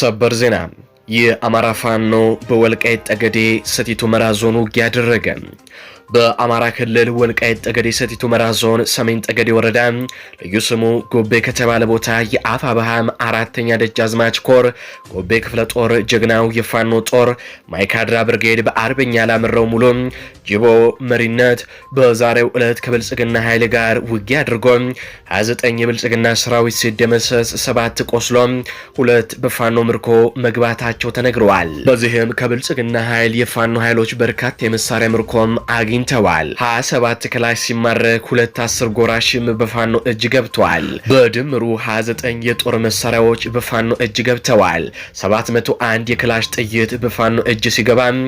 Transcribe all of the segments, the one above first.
ሰበር ዜና የአማራ ፋኖ በወልቃይት ጠገዴ ሰቲት ሁመራ ዞን ውጊያ አደረገ። በአማራ ክልል ወልቃይት ጠገዴ ሰቲት ሁመራ ዞን ሰሜን ጠገዴ ወረዳ ልዩ ስሙ ጎቤ ከተባለ ቦታ የአፋ ባሃም አራተኛ ደጃዝማች ኮር ጎቤ ክፍለ ጦር ጀግናው የፋኖ ጦር ማይካድራ ብርጌድ በአርበኛ ላምረው ሙሉ ጅቦ መሪነት በዛሬው ዕለት ከብልጽግና ኃይል ጋር ውጊያ አድርጎ 29 የብልጽግና ሰራዊት ሲደመሰስ ሰባት ቆስሎ ሁለት በፋኖ ምርኮ መግባታቸው ተነግረዋል። በዚህም ከብልጽግና ኃይል የፋኖ ኃይሎች በርካታ የመሳሪያ ምርኮም አግ አግኝተዋል። 27 ክላሽ ሲማረክ ሁለት አስር ጎራሽም በፋኖ እጅ ገብተዋል። በድምሩ 29 የጦር መሳሪያዎች በፋኖ እጅ ገብተዋል። 701 የክላሽ ጥይት በፋኖ እጅ ሲገባም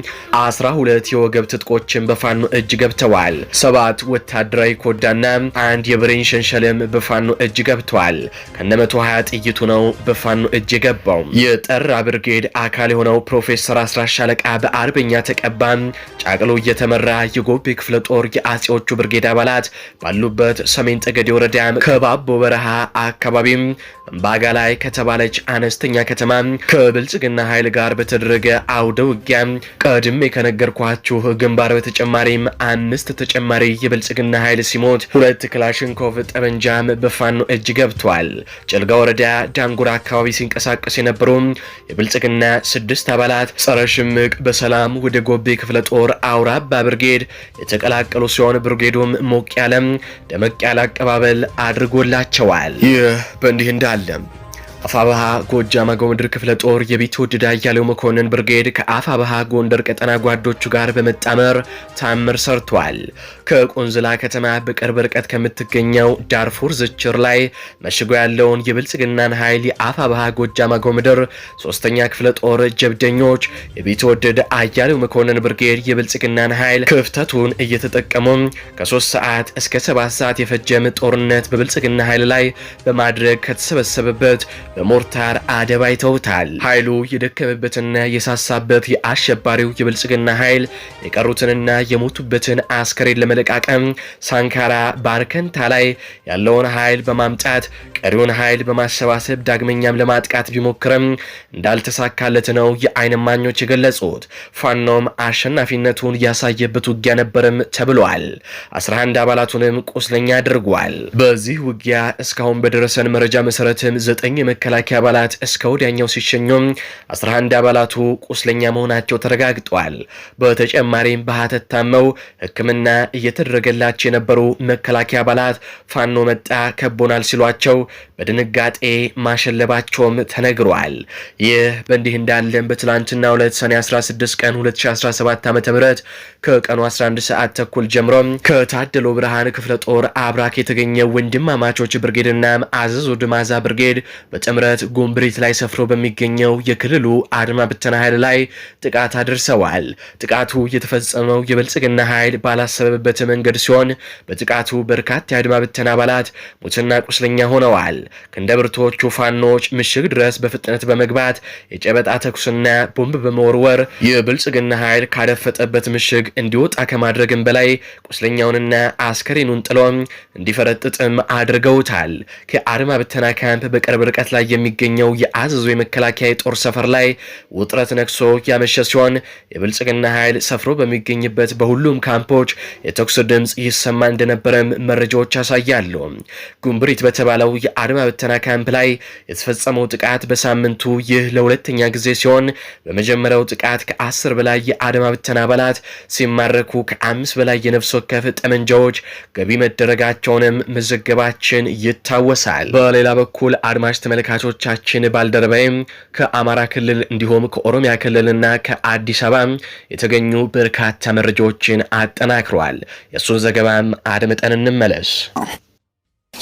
12 የወገብ ትጥቆችም በፋኖ እጅ ገብተዋል። ሰባት ወታደራዊ ኮዳና አንድ የብሬን ሸንሸልም በፋኖ እጅ ገብተዋል። ከነ 120 ጥይቱ ነው በፋኖ እጅ የገባው። የጠራ ብርጌድ አካል የሆነው ፕሮፌሰር አስራ ሻለቃ በአርበኛ ተቀባ ጫቅሎ እየተመራ ይጎ የኦፒ ክፍለ ጦር የአጼዎቹ ብርጌድ አባላት ባሉበት ሰሜን ጠገዴ ወረዳ ከባቦ በረሃ አካባቢም እምባጋ ላይ ከተባለች አነስተኛ ከተማ ከብልጽግና ኃይል ጋር በተደረገ አውደ ውጊያ ቀድሜ ከነገርኳችሁ ግንባር በተጨማሪም አምስት ተጨማሪ የብልጽግና ኃይል ሲሞት ሁለት ክላሽንኮቭ ጠመንጃም በፋኖ እጅ ገብቷል። ጭልጋ ወረዳ ዳንጉራ አካባቢ ሲንቀሳቀስ የነበሩ የብልጽግና ስድስት አባላት ጸረ ሽምቅ በሰላም ወደ ጎቤ ክፍለ ጦር አውራባ ብርጌድ የተቀላቀሉ ሲሆን ብርጌዱም ሞቅ ያለም ደመቅ ያለ አቀባበል አድርጎላቸዋል። ይህ በእንዲህ እንዳለም አፋብሃ ጎጃም አገው ምድር ክፍለ ጦር የቢትወደድ አያሌው መኮንን ብርጌድ ከአፋብሃ ጎንደር ቀጠና ጓዶቹ ጋር በመጣመር ታምር ሰርቷል። ከቆንዝላ ከተማ በቅርብ ርቀት ከምትገኘው ዳርፉር ዝችር ላይ መሽጎ ያለውን የብልጽግናን ኃይል የአፋብሃ ጎጃም አገው ምድር ሶስተኛ ክፍለ ጦር ጀብደኞች የቢትወደድ አያሌው መኮንን ብርጌድ የብልጽግናን ኃይል ክፍተቱን እየተጠቀሙ ከሶስት ሰዓት እስከ ሰባት ሰዓት የፈጀም ጦርነት በብልጽግና ኃይል ላይ በማድረግ ከተሰበሰበበት በሞርታር አደባይተውታል። ኃይሉ የደከመበትና የሳሳበት የአሸባሪው የብልጽግና ኃይል የቀሩትንና የሞቱበትን አስከሬን ለመለቃቀም ሳንካራ ባርከንታ ላይ ያለውን ኃይል በማምጣት ቀሪውን ኃይል በማሰባሰብ ዳግመኛም ለማጥቃት ቢሞክርም እንዳልተሳካለት ነው የአይን እማኞች የገለጹት። ፋኖም አሸናፊነቱን ያሳየበት ውጊያ ነበርም ተብሏል። 11 አባላቱንም ቁስለኛ አድርጓል። በዚህ ውጊያ እስካሁን በደረሰን መረጃ መሰረትም ዘጠኝ የመከ የመከላከያ አባላት እስከ ወዲያኛው ሲሸኙ 11 አባላቱ ቁስለኛ መሆናቸው ተረጋግጧል። በተጨማሪም በሀተት ታመው ሕክምና እየተደረገላቸው የነበሩ መከላከያ አባላት ፋኖ መጣ ከቦናል ሲሏቸው በድንጋጤ ማሸለባቸውም ተነግሯል። ይህ በእንዲህ እንዳለን በትላንትና 2 ሰኔ 16 ቀን 2017 ዓ ም ከቀኑ 11 ሰዓት ተኩል ጀምሮ ከታደሎ ብርሃን ክፍለ ጦር አብራክ የተገኘ ወንድማማቾች ብርጌድና አዘዞ ድማዛ ብርጌድ ምረት ጎንብሬት ላይ ሰፍሮ በሚገኘው የክልሉ አድማ ብተና ኃይል ላይ ጥቃት አድርሰዋል። ጥቃቱ የተፈጸመው የብልጽግና ኃይል ባላሰበበት መንገድ ሲሆን በጥቃቱ በርካታ የአድማ ብተና አባላት ሙትና ቁስለኛ ሆነዋል። ክንደብርቶቹ ፋኖች ምሽግ ድረስ በፍጥነት በመግባት የጨበጣ ተኩስና ቦምብ በመወርወር የብልጽግና ኃይል ካደፈጠበት ምሽግ እንዲወጣ ከማድረግም በላይ ቁስለኛውንና አስከሬኑን ጥሎም እንዲፈረጥጥም አድርገውታል። ከአድማ ብተና ካምፕ በቅርብ ርቀት ላይ የሚገኘው የአዘዞ የመከላከያ የጦር ሰፈር ላይ ውጥረት ነግሶ ያመሸ ሲሆን የብልጽግና ኃይል ሰፍሮ በሚገኝበት በሁሉም ካምፖች የተኩስ ድምፅ ይሰማ እንደነበረም መረጃዎች ያሳያሉ። ጉምብሪት በተባለው የአድማ ብተና ካምፕ ላይ የተፈጸመው ጥቃት በሳምንቱ ይህ ለሁለተኛ ጊዜ ሲሆን በመጀመሪያው ጥቃት ከአስር በላይ የአድማ ብተና አባላት ሲማረኩ ከአምስት በላይ የነፍስ ወከፍ ጠመንጃዎች ገቢ መደረጋቸውንም መዘገባችን ይታወሳል። በሌላ በኩል አድማጭ ተመልካ ተመልካቾቻችን ባልደረባይም ከአማራ ክልል እንዲሁም ከኦሮሚያ ክልልና ከአዲስ አበባ የተገኙ በርካታ መረጃዎችን አጠናክረዋል። የእሱን ዘገባም አድምጠን እንመለስ።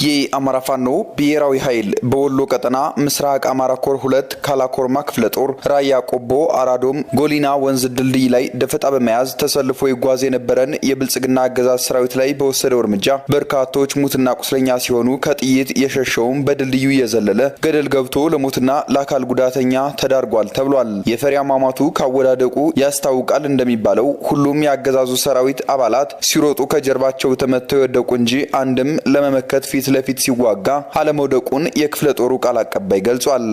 የአማራ ፋኖ ብሔራዊ ኃይል በወሎ ቀጠና ምስራቅ አማራ ኮር ሁለት ካላኮርማ ክፍለ ጦር ራያ ቆቦ አራዶም ጎሊና ወንዝ ድልድይ ላይ ደፈጣ በመያዝ ተሰልፎ ይጓዝ የነበረን የብልጽግና አገዛዝ ሰራዊት ላይ በወሰደው እርምጃ በርካቶች ሙትና ቁስለኛ ሲሆኑ ከጥይት የሸሸውም በድልድዩ እየዘለለ ገደል ገብቶ ለሞትና ለአካል ጉዳተኛ ተዳርጓል ተብሏል። የፈሪ አሟሟቱ ካወዳደቁ ያስታውቃል እንደሚባለው ሁሉም የአገዛዙ ሰራዊት አባላት ሲሮጡ ከጀርባቸው ተመተው የወደቁ እንጂ አንድም ለመመከት ፊት ፊት ለፊት ሲዋጋ አለመውደቁን የክፍለ ጦሩ ቃል አቀባይ ገልጿል።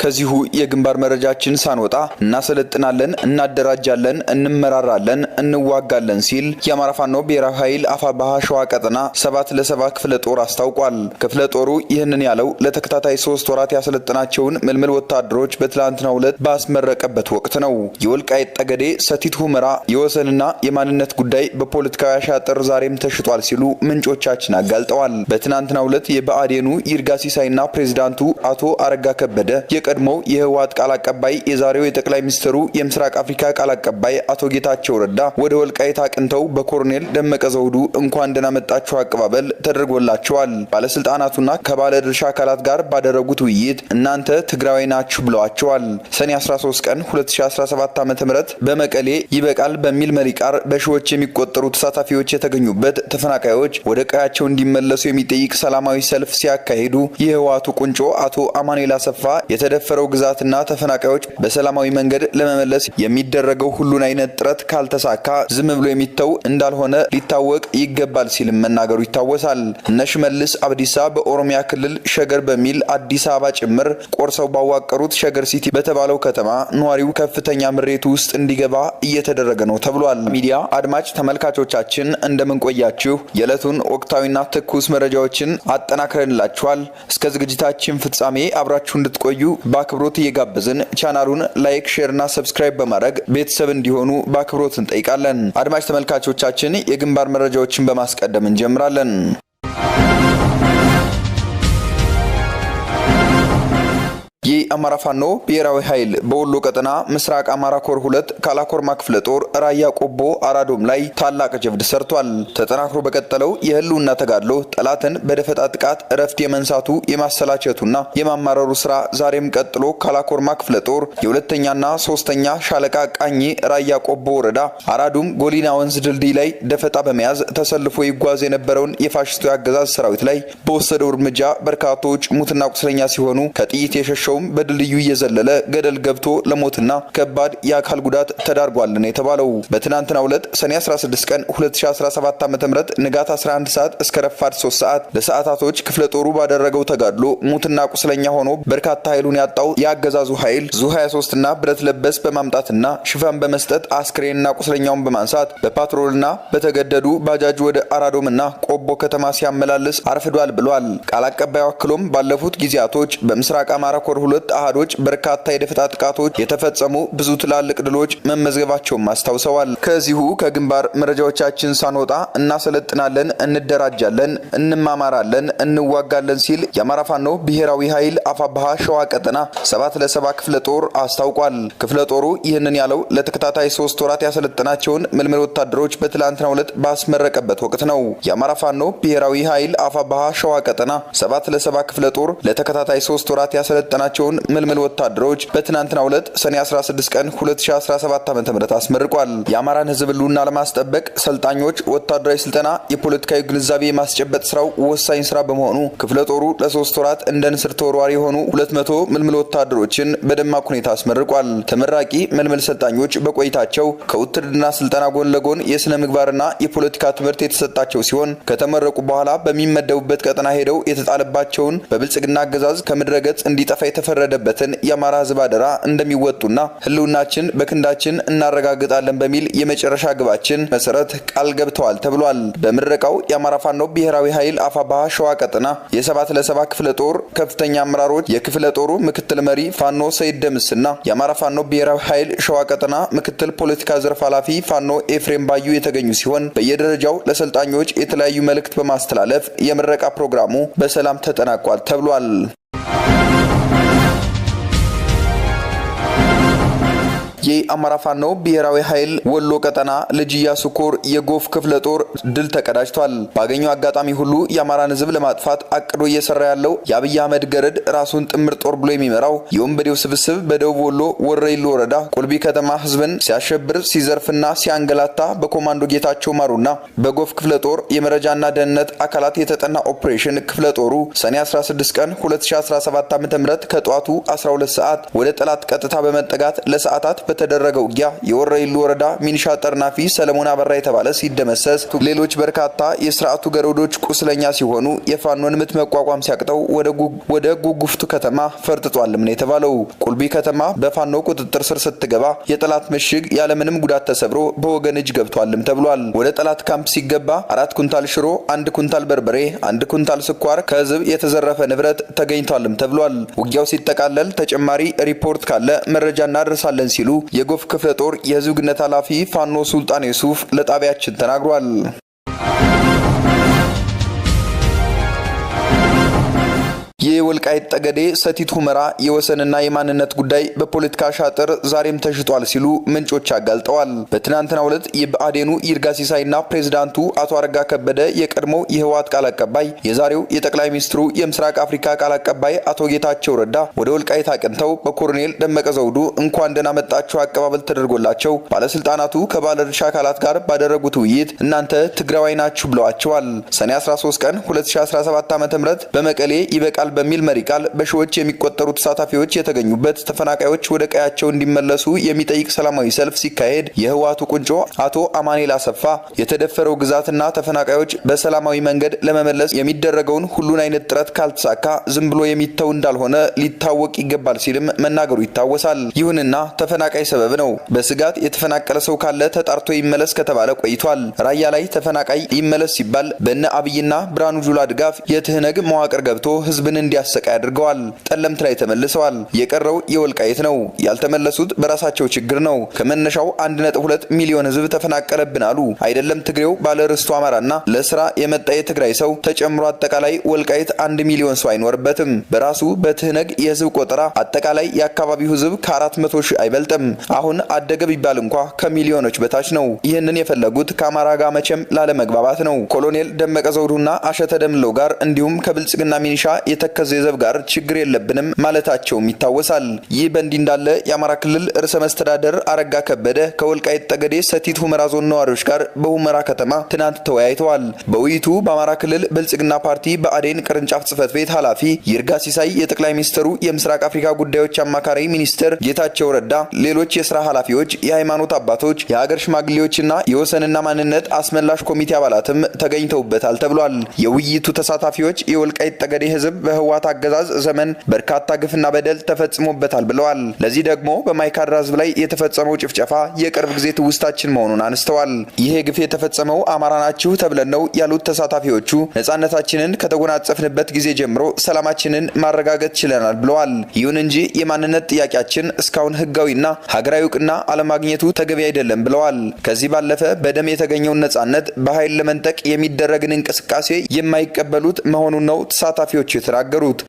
ከዚሁ የግንባር መረጃችን ሳንወጣ እናሰለጥናለን፣ እናደራጃለን፣ እንመራራለን፣ እንዋጋለን ሲል የአማራ ፋኖ ብሔራዊ ኃይል አፋባሃ ሸዋ ቀጠና ሰባት ለሰባ ክፍለ ጦር አስታውቋል። ክፍለ ጦሩ ይህንን ያለው ለተከታታይ ሶስት ወራት ያሰለጥናቸውን ምልምል ወታደሮች በትላንትናው ዕለት ባስመረቀበት ወቅት ነው። የወልቃይት ጠገዴ፣ ሰቲት ሁመራ የወሰንና የማንነት ጉዳይ በፖለቲካዊ አሻጥር ዛሬም ተሽጧል ሲሉ ምንጮቻችን አጋልጠዋል። በትናንትናው ዕለት የብአዴኑ ይርጋ ሲሳይና ፕሬዚዳንቱ አቶ አረጋ ከበደ፣ የቀድሞው የህወሓት ቃል አቀባይ የዛሬው የጠቅላይ ሚኒስትሩ የምስራቅ አፍሪካ ቃል አቀባይ አቶ ጌታቸው ረዳ ወደ ወልቃይት አቅንተው በኮሎኔል ደመቀ ዘውዱ እንኳን ደህና መጣችሁ አቀባበል ተደርጎላቸዋል። ባለስልጣናቱና ከባለ ድርሻ አካላት ጋር ባደረጉት ውይይት እናንተ ትግራዊ ናችሁ ብለዋቸዋል። ሰኔ 13 ቀን 2017 ዓ ም በመቀሌ ይበቃል በሚል መሪ ቃል በሺዎች የሚቆጠሩ ተሳታፊዎች የተገኙበት ተፈናቃዮች ወደ ቀያቸው እንዲመለሱ የሚጠይቅ ሰላማዊ ሰልፍ ሲያካሂዱ የህወሓቱ ቁንጮ አቶ አማኑኤል አሰፋ የተደፈረው ግዛትና ተፈናቃዮች በሰላማዊ መንገድ ለመመለስ የሚደረገው ሁሉን አይነት ጥረት ካልተሳካ ዝም ብሎ የሚተው እንዳልሆነ ሊታወቅ ይገባል ሲልም መናገሩ ይታወሳል። እነ ሽመልስ አብዲሳ በኦሮሚያ ክልል ሸገር በሚል አዲስ አበባ ጭምር ቆርሰው ባዋቀሩት ሸገር ሲቲ በተባለው ከተማ ነዋሪው ከፍተኛ ምሬት ውስጥ እንዲገባ እየተደረገ ነው ተብሏል። ሚዲያ አድማጭ ተመልካቾቻችን እንደምንቆያችሁ የዕለቱን ወቅታዊና ትኩስ መረጃዎችን አጠናክረንላችኋል። እስከ ዝግጅታችን ፍጻሜ አብራችሁ እንድትቆዩ በአክብሮት እየጋበዝን ቻናሉን ላይክ፣ ሼር እና ሰብስክራይብ በማድረግ ቤተሰብ እንዲሆኑ በአክብሮት እንጠይቃለን። አድማጭ ተመልካቾቻችን የግንባር መረጃዎችን በማስቀደም እንጀምራለን። አማራ ፋኖ ብሔራዊ ኃይል በወሎ ቀጠና ምስራቅ አማራ ኮር ሁለት ካላኮርማ ክፍለ ጦር ራያ ቆቦ አራዶም ላይ ታላቅ ጀብድ ሰርቷል። ተጠናክሮ በቀጠለው የህልውና ተጋድሎ ጠላትን በደፈጣ ጥቃት እረፍት የመንሳቱ የማሰላቸቱና የማማረሩ ስራ ዛሬም ቀጥሎ ካላኮርማ ክፍለ ጦር የሁለተኛና ሶስተኛ ሻለቃ ቃኝ ራያ ቆቦ ወረዳ አራዱም ጎሊና ወንዝ ድልድይ ላይ ደፈጣ በመያዝ ተሰልፎ ይጓዝ የነበረውን የፋሽስቱ አገዛዝ ሰራዊት ላይ በወሰደው እርምጃ በርካቶች ሙትና ቁስለኛ ሲሆኑ ከጥይት የሸሸውም በድልድዩ እየዘለለ ገደል ገብቶ ለሞትና ከባድ የአካል ጉዳት ተዳርጓል ነው የተባለው። በትናንትናው ዕለት ሰኔ 16 ቀን 2017 ዓ.ም ንጋት 11 ሰዓት እስከ ረፋድ 3 ሰዓት ለሰዓታቶች ክፍለ ጦሩ ባደረገው ተጋድሎ ሙትና ቁስለኛ ሆኖ በርካታ ኃይሉን ያጣው የአገዛዙ ኃይል ዙ 23 እና ብረት ለበስ በማምጣትና ሽፋን በመስጠት አስክሬንና ቁስለኛውን በማንሳት በፓትሮልና በተገደዱ ባጃጅ ወደ አራዶምና ቆቦ ከተማ ሲያመላልስ አርፍዷል ብሏል። ቃል አቀባዩ አክሎም ባለፉት ጊዜያቶች በምስራቅ አማራ ኮር ሁለት አህዶች በርካታ የደፈጣ ጥቃቶች የተፈጸሙ ብዙ ትላልቅ ድሎች መመዝገባቸውም አስታውሰዋል። ከዚሁ ከግንባር መረጃዎቻችን ሳንወጣ እናሰለጥናለን፣ እንደራጃለን፣ እንማማራለን፣ እንዋጋለን ሲል የአማራ ፋኖ ብሔራዊ ኃይል አፋባሃ ሸዋ ቀጠና ሰባት ለሰባ ክፍለ ጦር አስታውቋል። ክፍለ ጦሩ ይህንን ያለው ለተከታታይ ሶስት ወራት ያሰለጠናቸውን ምልምል ወታደሮች በትላንትናው ዕለት ባስመረቀበት ወቅት ነው። የአማራ ፋኖ ብሔራዊ ኃይል አፋባሃ ሸዋ ቀጠና ሰባት ለሰባ ክፍለ ጦር ለተከታታይ ሶስት ወራት ያሰለጠናቸውን ያላቸውን ምልምል ወታደሮች በትናንትናው ዕለት ሰኔ 16 ቀን 2017 ዓ.ም አስመርቋል። የአማራን ህዝብ ህልውና ለማስጠበቅ ሰልጣኞች ወታደራዊ ስልጠና፣ የፖለቲካዊ ግንዛቤ የማስጨበጥ ስራው ወሳኝ ስራ በመሆኑ ክፍለ ጦሩ ለሶስት ወራት እንደ ንስር ተወርዋሪ የሆኑ 200 ምልምል ወታደሮችን በደማቅ ሁኔታ አስመርቋል። ተመራቂ ምልምል ሰልጣኞች በቆይታቸው ከውትድርና ስልጠና ጎን ለጎን የስነ ምግባርና የፖለቲካ ትምህርት የተሰጣቸው ሲሆን ከተመረቁ በኋላ በሚመደቡበት ቀጠና ሄደው የተጣለባቸውን በብልጽግና አገዛዝ ከምድረ ገጽ እንዲጠፋ የተፈረ የወረደበትን የአማራ ህዝብ አደራ እንደሚወጡና ህልውናችን በክንዳችን እናረጋግጣለን በሚል የመጨረሻ ግባችን መሰረት ቃል ገብተዋል ተብሏል። በምረቃው የአማራ ፋኖ ብሔራዊ ኃይል አፋባሃ ሸዋ ቀጠና የሰባት ለሰባ ክፍለ ጦር ከፍተኛ አመራሮች የክፍለ ጦሩ ምክትል መሪ ፋኖ ሰይድ ደምስና የአማራ ፋኖ ብሔራዊ ኃይል ሸዋ ቀጠና ምክትል ፖለቲካ ዘርፍ ኃላፊ ፋኖ ኤፍሬም ባዩ የተገኙ ሲሆን በየደረጃው ለሰልጣኞች የተለያዩ መልእክት በማስተላለፍ የምረቃ ፕሮግራሙ በሰላም ተጠናቋል ተብሏል። የአማራ ፋኖ ብሔራዊ ኃይል ወሎ ቀጠና ልጅ ኢያሱ ኮር የጎፍ ክፍለ ጦር ድል ተቀዳጅቷል። ባገኘው አጋጣሚ ሁሉ የአማራን ሕዝብ ለማጥፋት አቅዶ እየሰራ ያለው የአብይ አህመድ ገረድ ራሱን ጥምር ጦር ብሎ የሚመራው የወንበዴው ስብስብ በደቡብ ወሎ ወረይሉ ወረዳ ቁልቢ ከተማ ሕዝብን ሲያሸብር ሲዘርፍና ሲያንገላታ በኮማንዶ ጌታቸው ማሩና በጎፍ ክፍለ ጦር የመረጃና ደህንነት አካላት የተጠና ኦፕሬሽን ክፍለ ጦሩ ሰኔ 16 ቀን 2017 ዓ.ም ከጠዋቱ 12 ሰዓት ወደ ጠላት ቀጥታ በመጠጋት ለሰዓታት በተደረገው ውጊያ የወረይሉ ወረዳ ሚኒሻ ጠርናፊ ሰለሞን አበራ የተባለ ሲደመሰስ፣ ሌሎች በርካታ የስርዓቱ ገረዶች ቁስለኛ ሲሆኑ የፋኖን ምት መቋቋም ሲያቅተው ወደ ጉጉፍቱ ከተማ ፈርጥጧልም ነው የተባለው። ቁልቢ ከተማ በፋኖ ቁጥጥር ስር ስትገባ የጠላት ምሽግ ያለምንም ጉዳት ተሰብሮ በወገን እጅ ገብቷልም ተብሏል። ወደ ጠላት ካምፕ ሲገባ አራት ኩንታል ሽሮ፣ አንድ ኩንታል በርበሬ፣ አንድ ኩንታል ስኳር ከህዝብ የተዘረፈ ንብረት ተገኝቷልም ተብሏል። ውጊያው ሲጠቃለል ተጨማሪ ሪፖርት ካለ መረጃ እናደርሳለን ሲሉ የጎፍ ክፍለ ጦር የህዝብ ግንኙነት ኃላፊ ፋኖ ሱልጣን ዩሱፍ ለጣቢያችን ተናግሯል። የወልቃይት ጠገዴ ሰቲት ሁመራ የወሰንና የማንነት ጉዳይ በፖለቲካ ሻጥር ዛሬም ተሽጧል ሲሉ ምንጮች አጋልጠዋል። በትናንትናው ዕለት የብአዴኑ ይርጋ ሲሳይና ፕሬዚዳንቱ አቶ አረጋ ከበደ፣ የቀድሞው የህወሓት ቃል አቀባይ፣ የዛሬው የጠቅላይ ሚኒስትሩ የምስራቅ አፍሪካ ቃል አቀባይ አቶ ጌታቸው ረዳ ወደ ወልቃይት አቅንተው በኮሎኔል ደመቀ ዘውዱ እንኳን ደህና መጣችሁ አቀባበል ተደርጎላቸው ባለስልጣናቱ ከባለድርሻ አካላት ጋር ባደረጉት ውይይት እናንተ ትግራዋይ ናችሁ ብለዋቸዋል። ሰኔ 13 ቀን 2017 ዓ ም በመቀሌ ይበቃል በሚል መሪ ቃል በሺዎች የሚቆጠሩ ተሳታፊዎች የተገኙበት ተፈናቃዮች ወደ ቀያቸው እንዲመለሱ የሚጠይቅ ሰላማዊ ሰልፍ ሲካሄድ የህወሓቱ ቁንጮ አቶ አማኔል አሰፋ የተደፈረው ግዛትና ተፈናቃዮች በሰላማዊ መንገድ ለመመለስ የሚደረገውን ሁሉን አይነት ጥረት ካልተሳካ ዝም ብሎ የሚተው እንዳልሆነ ሊታወቅ ይገባል ሲልም መናገሩ ይታወሳል። ይሁንና ተፈናቃይ ሰበብ ነው። በስጋት የተፈናቀለ ሰው ካለ ተጣርቶ ይመለስ ከተባለ ቆይቷል። ራያ ላይ ተፈናቃይ ይመለስ ሲባል በነ አብይና ብርሃኑ ጁላ ድጋፍ የትህነግ መዋቅር ገብቶ ህዝብን እንዲያሰቃይ አድርገዋል። ጠለምት ላይ ተመልሰዋል። የቀረው የወልቃይት ነው። ያልተመለሱት በራሳቸው ችግር ነው። ከመነሻው 1.2 ሚሊዮን ህዝብ ተፈናቀለብን አሉ። አይደለም ትግሬው ባለርስቱ አማራና ለስራ የመጣ የትግራይ ሰው ተጨምሮ አጠቃላይ ወልቃይት አንድ ሚሊዮን ሰው አይኖርበትም። በራሱ በትህነግ የህዝብ ቆጠራ አጠቃላይ የአካባቢው ህዝብ ከ400 ሺህ አይበልጥም። አሁን አደገ ቢባል እንኳ ከሚሊዮኖች በታች ነው። ይህንን የፈለጉት ከአማራ ጋር መቼም ላለመግባባት ነው። ኮሎኔል ደመቀ ዘውዱና አሸተ ደምለው ጋር እንዲሁም ከብልጽግና ሚኒሻ የተ ከተከዜ ዘብ ጋር ችግር የለብንም ማለታቸውም ይታወሳል። ይህ በእንዲህ እንዳለ የአማራ ክልል ርዕሰ መስተዳደር አረጋ ከበደ ከወልቃይት ጠገዴ ሰቲት ሁመራ ዞን ነዋሪዎች ጋር በሁመራ ከተማ ትናንት ተወያይተዋል። በውይይቱ በአማራ ክልል ብልጽግና ፓርቲ በአዴን ቅርንጫፍ ጽህፈት ቤት ኃላፊ ይርጋ ሲሳይ፣ የጠቅላይ ሚኒስትሩ የምስራቅ አፍሪካ ጉዳዮች አማካሪ ሚኒስትር ጌታቸው ረዳ፣ ሌሎች የስራ ኃላፊዎች፣ የሃይማኖት አባቶች፣ የሀገር ሽማግሌዎችና የወሰንና ማንነት አስመላሽ ኮሚቴ አባላትም ተገኝተውበታል ተብሏል። የውይይቱ ተሳታፊዎች የወልቃይት ጠገዴ ህዝብ የህወሓት አገዛዝ ዘመን በርካታ ግፍና በደል ተፈጽሞበታል ብለዋል። ለዚህ ደግሞ በማይካድራ ህዝብ ላይ የተፈጸመው ጭፍጨፋ የቅርብ ጊዜ ትውስታችን መሆኑን አንስተዋል። ይሄ ግፍ የተፈጸመው አማራ ናችሁ ተብለን ነው ያሉት ተሳታፊዎቹ ነጻነታችንን ከተጎናጸፍንበት ጊዜ ጀምሮ ሰላማችንን ማረጋገጥ ችለናል ብለዋል። ይሁን እንጂ የማንነት ጥያቄያችን እስካሁን ህጋዊና ሀገራዊ እውቅና አለማግኘቱ ተገቢ አይደለም ብለዋል። ከዚህ ባለፈ በደም የተገኘውን ነጻነት በኃይል ለመንጠቅ የሚደረግን እንቅስቃሴ የማይቀበሉት መሆኑን ነው ተሳታፊዎቹ የተናገሩ горут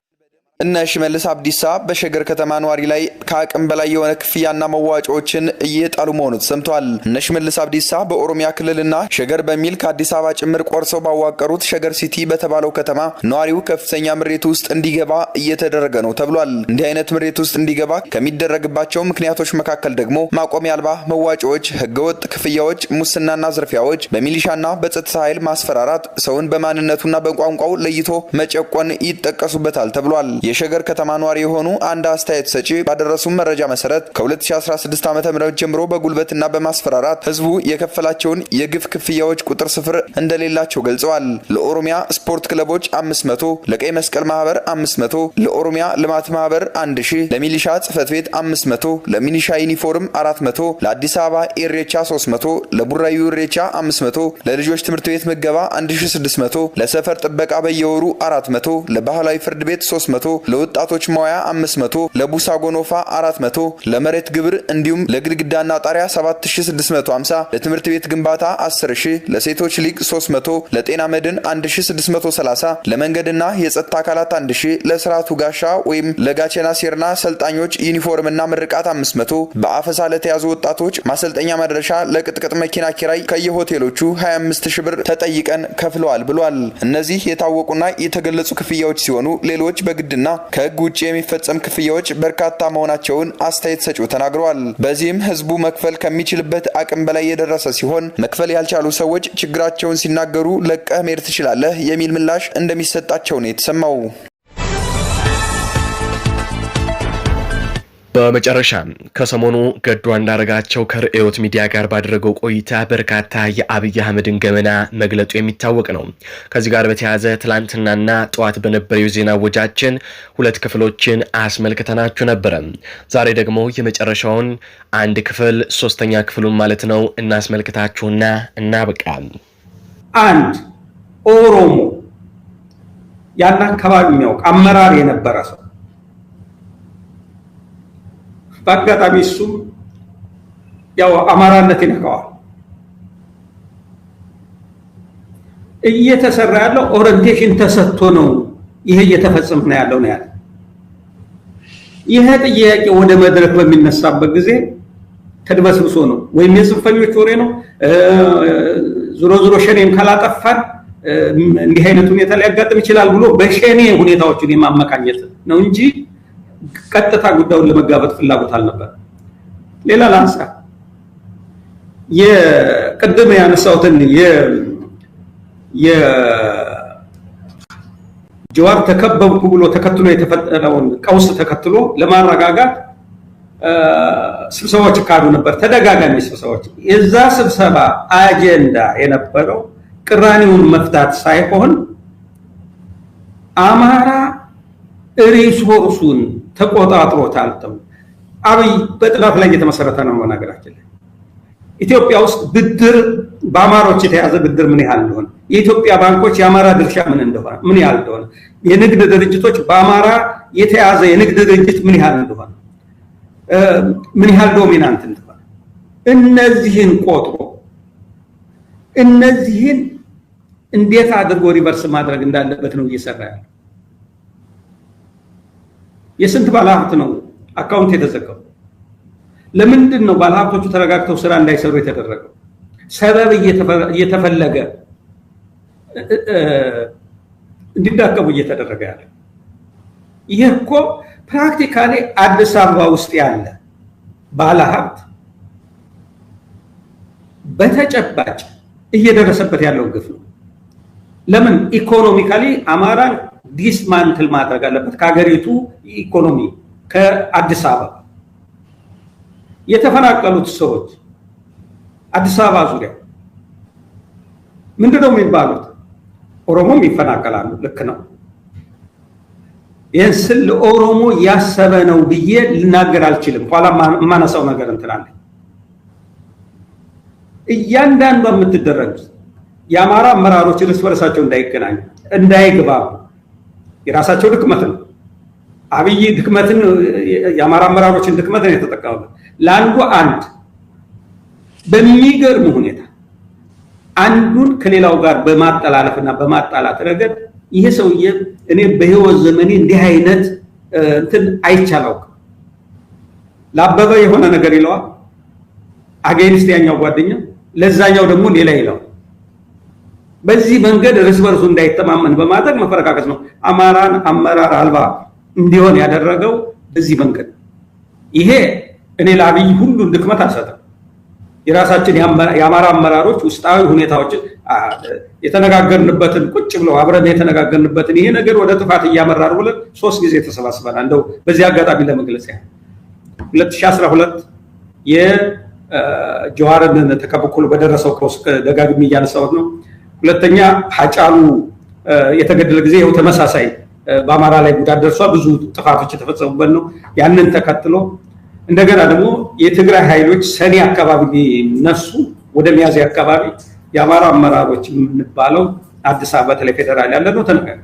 እነ ሽመልስ አብዲሳ በሸገር ከተማ ነዋሪ ላይ ከአቅም በላይ የሆነ ክፍያና መዋጮዎችን እየጣሉ መሆኑ ተሰምቷል። እነ ሽመልስ አብዲሳ በኦሮሚያ ክልልና ሸገር በሚል ከአዲስ አበባ ጭምር ቆርሰው ባዋቀሩት ሸገር ሲቲ በተባለው ከተማ ነዋሪው ከፍተኛ ምሬት ውስጥ እንዲገባ እየተደረገ ነው ተብሏል። እንዲህ አይነት ምሬት ውስጥ እንዲገባ ከሚደረግባቸው ምክንያቶች መካከል ደግሞ ማቆሚያ አልባ መዋጮዎች፣ ህገወጥ ክፍያዎች፣ ሙስናና ዝርፊያዎች፣ በሚሊሻና በጸጥታ ኃይል ማስፈራራት፣ ሰውን በማንነቱና በቋንቋው ለይቶ መጨቆን ይጠቀሱበታል ተብሏል። የሸገር ከተማ ኗሪ የሆኑ አንድ አስተያየት ሰጪ ባደረሱን መረጃ መሰረት ከ2016 ዓ ም ጀምሮ በጉልበትና በማስፈራራት ህዝቡ የከፈላቸውን የግፍ ክፍያዎች ቁጥር ስፍር እንደሌላቸው ገልጸዋል። ለኦሮሚያ ስፖርት ክለቦች 500፣ ለቀይ መስቀል ማህበር 500፣ ለኦሮሚያ ልማት ማህበር 1000፣ ለሚሊሻ ጽህፈት ቤት 500፣ ለሚሊሻ ዩኒፎርም 400፣ ለአዲስ አበባ ኤሬቻ 300፣ ለቡራዩ ኢሬቻ 500፣ ለልጆች ትምህርት ቤት ምገባ 1600፣ ለሰፈር ጥበቃ በየወሩ 400፣ ለባህላዊ ፍርድ ቤት 300፣ ለወጣቶች መዋያ 500፣ ለቡሳ ጎኖፋ 400፣ ለመሬት ግብር እንዲሁም ለግድግዳና ጣሪያ 7650፣ ለትምህርት ቤት ግንባታ 10000፣ ለሴቶች ሊግ 300፣ ለጤና መድን 1630፣ ለመንገድና የጸጥታ አካላት 1000፣ ለስርዓቱ ጋሻ ወይም ለጋቸና ሴርና ሰልጣኞች ዩኒፎርምና ምርቃት 500፣ በአፈሳ ለተያዙ ወጣቶች ማሰልጠኛ መድረሻ ለቅጥቅጥ መኪና ኪራይ ከየሆቴሎቹ 25 ሺ ብር ተጠይቀን ከፍለዋል ብሏል። እነዚህ የታወቁና የተገለጹ ክፍያዎች ሲሆኑ ሌሎች በግድና እና ከህግ ውጭ የሚፈጸም ክፍያዎች በርካታ መሆናቸውን አስተያየት ሰጪው ተናግረዋል። በዚህም ህዝቡ መክፈል ከሚችልበት አቅም በላይ የደረሰ ሲሆን መክፈል ያልቻሉ ሰዎች ችግራቸውን ሲናገሩ ለቀህ መሄድ ትችላለህ የሚል ምላሽ እንደሚሰጣቸው ነው የተሰማው። በመጨረሻ ከሰሞኑ ገዱ አንዳርጋቸው ከርዕዮት ሚዲያ ጋር ባደረገው ቆይታ በርካታ የአብይ አህመድን ገመና መግለጡ የሚታወቅ ነው። ከዚህ ጋር በተያያዘ ትላንትናና ጠዋት በነበረው የዜና ወጃችን ሁለት ክፍሎችን አስመልክተናችሁ ነበረ። ዛሬ ደግሞ የመጨረሻውን አንድ ክፍል ሶስተኛ ክፍሉን ማለት ነው እናስመልክታችሁና እናብቃ። አንድ ኦሮሞ ያን አካባቢ የሚያውቅ አመራር የነበረ ሰው በአጋጣሚ እሱ ያው አማራነት ይነካዋል። እየተሰራ ያለው ኦሪንቴሽን ተሰጥቶ ነው ይሄ እየተፈጸመ ነው ያለው ነው ያለ። ይሄ ጥያቄ ወደ መድረክ በሚነሳበት ጊዜ ተድበስብሶ ነው ወይም የጽንፈኞች ወሬ ነው። ዞሮ ዞሮ ሸኔም ካላጠፋን እንዲህ አይነት ሁኔታ ሊያጋጥም ይችላል ብሎ በሸኔ ሁኔታዎችን የማመቃኘት ነው እንጂ ቀጥታ ጉዳዩን ለመጋበጥ ፍላጎት አልነበር። ሌላ ላንሳ። የቅድም ያነሳሁትን የጀዋር ተከበብኩ ብሎ ተከትሎ የተፈጠረውን ቀውስ ተከትሎ ለማረጋጋት ስብሰባዎች ካሉ ነበር፣ ተደጋጋሚ ስብሰባዎች። የዛ ስብሰባ አጀንዳ የነበረው ቅራኔውን መፍታት ሳይሆን አማራ ሪሶርሱን ተቆጣጥሮታል ተብሎ አብይ በጥናት ላይ እየተመሰረተ ነው። ላይ ኢትዮጵያ ውስጥ ብድር በአማሮች የተያዘ ብድር ምን ያህል እንደሆነ፣ የኢትዮጵያ ባንኮች የአማራ ድርሻ ምን እንደሆነ ምን ያህል እንደሆነ፣ የንግድ ድርጅቶች በአማራ የተያዘ የንግድ ድርጅት ምን ያህል እንደሆነ፣ ምን ያህል ዶሚናንት እንደሆነ እነዚህን ቆጥሮ እነዚህን እንዴት አድርጎ ሪቨርስ ማድረግ እንዳለበት ነው እየሰራ ያለው። የስንት ባለሀብት ነው አካውንት የተዘጋው? ለምንድን ነው ባለሀብቶቹ ተረጋግተው ስራ እንዳይሰሩ የተደረገው? ሰበብ እየተፈለገ እንዲዳከሙ እየተደረገ ያለ ይህ እኮ ፕራክቲካሊ አዲስ አበባ ውስጥ ያለ ባለሀብት በተጨባጭ እየደረሰበት ያለው ግፍ ነው። ለምን ኢኮኖሚካሊ አማራን ዲስማንትል ማድረግ አለበት ከሀገሪቱ ኢኮኖሚ ከአዲስ አበባ የተፈናቀሉት ሰዎች አዲስ አበባ ዙሪያ ምንድነው የሚባሉት? ኦሮሞም ይፈናቀላሉ። ልክ ነው። ይህን ስል ለኦሮሞ ያሰበ ነው ብዬ ልናገር አልችልም። ኋላ የማነሳው ነገር እንትናለ እያንዳንዷ የምትደረግ የአማራ አመራሮች እርስ በርሳቸው እንዳይገናኙ እንዳይግባቡ የራሳቸው ድክመት ነው። አብይ ድክመትን የአማራ አመራሮችን ድክመት ነው የተጠቀሙበት። ለአንዱ አንድ በሚገርም ሁኔታ አንዱን ከሌላው ጋር በማጠላለፍና በማጣላት ረገድ ይሄ ሰውዬ እኔ በህይወት ዘመኔ እንዲህ አይነት እንትን አይቻላውቅ ለአበበ የሆነ ነገር ይለዋል አገኒስት ያኛው ጓደኛ ለዛኛው ደግሞ ሌላ ይለዋል። በዚህ መንገድ እርስ በርሱ እንዳይተማመን በማድረግ መፈረካከስ ነው። አማራን አመራር አልባ እንዲሆን ያደረገው በዚህ መንገድ ይሄ እኔ ለአብይ ሁሉን ድክመት አልሰጥም። የራሳችን የአማራ አመራሮች ውስጣዊ ሁኔታዎችን የተነጋገርንበትን ቁጭ ብለው አብረን የተነጋገርንበትን ይሄ ነገር ወደ ጥፋት እያመራር ብለን ሶስት ጊዜ ተሰባስበናል። እንደው በዚህ አጋጣሚ ለመግለጽ ያህል 2012 የጀዋርን ተከበኩሎ በደረሰው ደጋግሚ እያነሳሁት ነው ሁለተኛ ሀጫሉ የተገደለ ጊዜ ይኸው ተመሳሳይ በአማራ ላይ ጉዳት ደርሷ ብዙ ጥፋቶች የተፈጸሙበት ነው። ያንን ተከትሎ እንደገና ደግሞ የትግራይ ኃይሎች ሰኔ አካባቢ ነሱ ወደ ሚያዝያ አካባቢ የአማራ አመራሮች የምንባለው አዲስ አበባ በተለይ ፌዴራል ያለ ነው ተነጋገ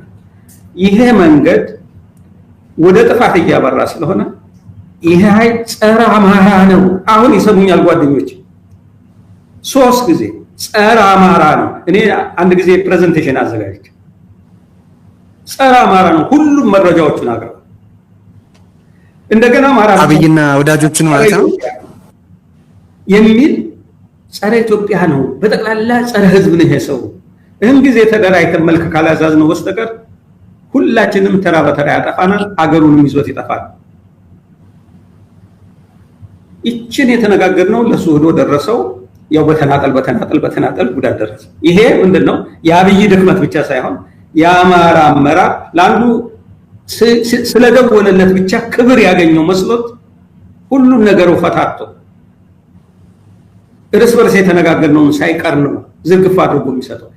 ይሄ መንገድ ወደ ጥፋት እያበራ ስለሆነ ይሄ ኃይል ጸረ አማራ ነው። አሁን ይሰሙኛል ጓደኞች ሶስት ጊዜ ጸረ አማራ ነው። እኔ አንድ ጊዜ ፕሬዘንቴሽን አዘጋጅ ጸረ አማራ ነው። ሁሉም መረጃዎችን አቅርበው እንደገና አማራ አብይና ወዳጆችን ማለት ነው የሚል ጸረ ኢትዮጵያ ነው። በጠቅላላ ጸረ ህዝብ ነው ይሄ ሰው። ይህን ጊዜ ተደራጅተን መልክ ካላዛዝነው በስተቀር ሁላችንም ተራ በተራ ያጠፋናል፣ አገሩንም ይዞት ይጠፋል። ይችን የተነጋገርነው ለሱ ሄዶ ደረሰው። ያው በተናጠል በተናጠል በተናጠል ጉዳት ደረሰ። ይሄ ምንድን ነው የአብይ ድክመት ብቻ ሳይሆን የአማራ አመራር ለአንዱ ስለደወለለት ብቻ ክብር ያገኘው መስሎት ሁሉን ነገር ፈታቶ እርስ በርስ የተነጋገርነውን ሳይቀር ነው ዝርግፋ አድርጎ የሚሰጠው።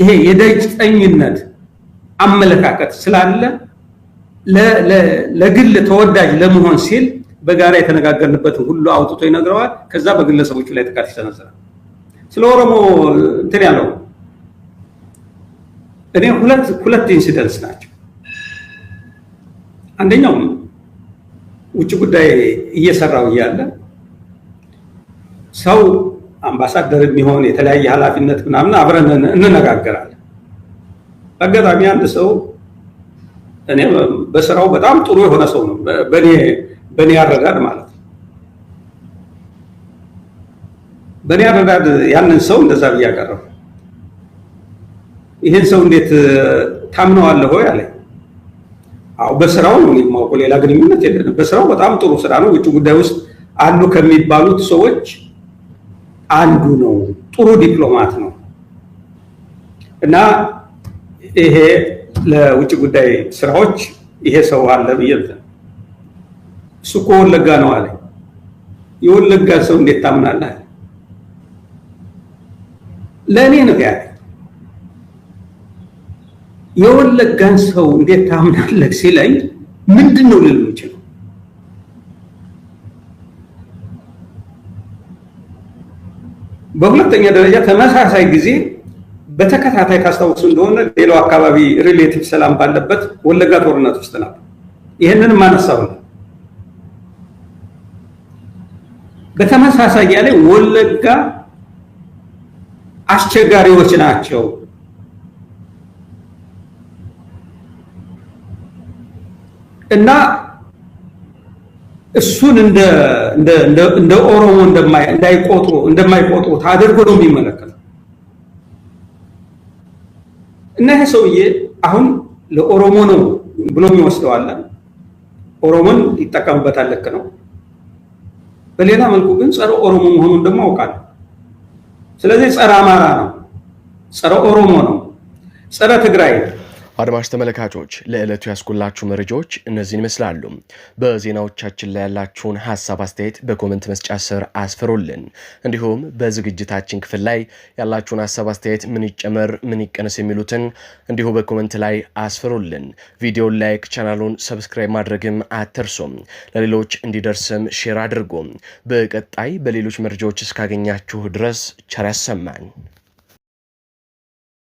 ይሄ የደጅ ጠኝነት አመለካከት ስላለ ለግል ተወዳጅ ለመሆን ሲል በጋራ የተነጋገርንበትን ሁሉ አውጥቶ ይነግረዋል። ከዛ በግለሰቦቹ ላይ ጥቃት ይሰነዝራል። ስለ ኦሮሞ እንትን ያለው እኔ ሁለት ሁለት ኢንሲደንስ ናቸው። አንደኛው ውጭ ጉዳይ እየሰራው እያለ ሰው አምባሳደር የሚሆን የተለያየ ኃላፊነት ምናምን አብረን እንነጋገራለን። በአጋጣሚ አንድ ሰው እኔ በስራው በጣም ጥሩ የሆነ ሰው ነው በእኔ በእኔ አረዳድ ማለት ነው። በእኔ አረዳድ ያንን ሰው እንደዛ ብዬ አቀረቡ። ይህን ሰው እንዴት ታምነዋለህ ሆይ አለኝ። አዎ በስራው ነው የማውቀው፣ ሌላ ግንኙነት የለንም። በስራው በጣም ጥሩ ስራ ነው። ውጭ ጉዳይ ውስጥ አሉ ከሚባሉት ሰዎች አንዱ ነው። ጥሩ ዲፕሎማት ነው እና ይሄ ለውጭ ጉዳይ ስራዎች ይሄ ሰው አለ ብዬ እሱ እኮ ወለጋ ነው አለ። የወለጋ ሰው እንዴት ታምናለህ? ለእኔ ነው ያለ። የወለጋን ሰው እንዴት ታምናለህ ሲለኝ ምንድን ነው ልል የምችለው? በሁለተኛ ደረጃ ተመሳሳይ ጊዜ በተከታታይ ካስታውሱ እንደሆነ ሌላው አካባቢ ሪሌቲቭ ሰላም ባለበት ወለጋ ጦርነት ውስጥ ነበር። ይህንንም አነሳው በተመሳሳይ ያለ ወለጋ አስቸጋሪዎች ናቸው። እና እሱን እንደ እንደ እንደ ኦሮሞ እንደማይ እንዳይቆጥሩ እንደማይቆጥሩ ታድርጎ ነው የሚመለከተው። እና ይሄ ሰውዬ አሁን ለኦሮሞ ነው ብሎ አለ። ኦሮሞን ይጠቀምበታል። ልክ ነው። በሌላ መልኩ ግን ጸረ ኦሮሞ መሆኑን ደግሞ አውቃለሁ። ስለዚህ ጸረ አማራ ነው፣ ጸረ ኦሮሞ ነው፣ ጸረ ትግራይ አድማጭ ተመልካቾች ለዕለቱ ያስኩላችሁ መረጃዎች እነዚህን ይመስላሉ። በዜናዎቻችን ላይ ያላችሁን ሀሳብ አስተያየት በኮመንት መስጫ ስር አስፍሩልን። እንዲሁም በዝግጅታችን ክፍል ላይ ያላችሁን ሀሳብ አስተያየት፣ ምን ይጨመር፣ ምን ይቀነስ የሚሉትን እንዲሁ በኮመንት ላይ አስፍሩልን። ቪዲዮን ላይክ፣ ቻናሉን ሰብስክራይብ ማድረግም አትርሱም። ለሌሎች እንዲደርስም ሼር አድርጉ። በቀጣይ በሌሎች መረጃዎች እስካገኛችሁ ድረስ ቸር ያሰማን።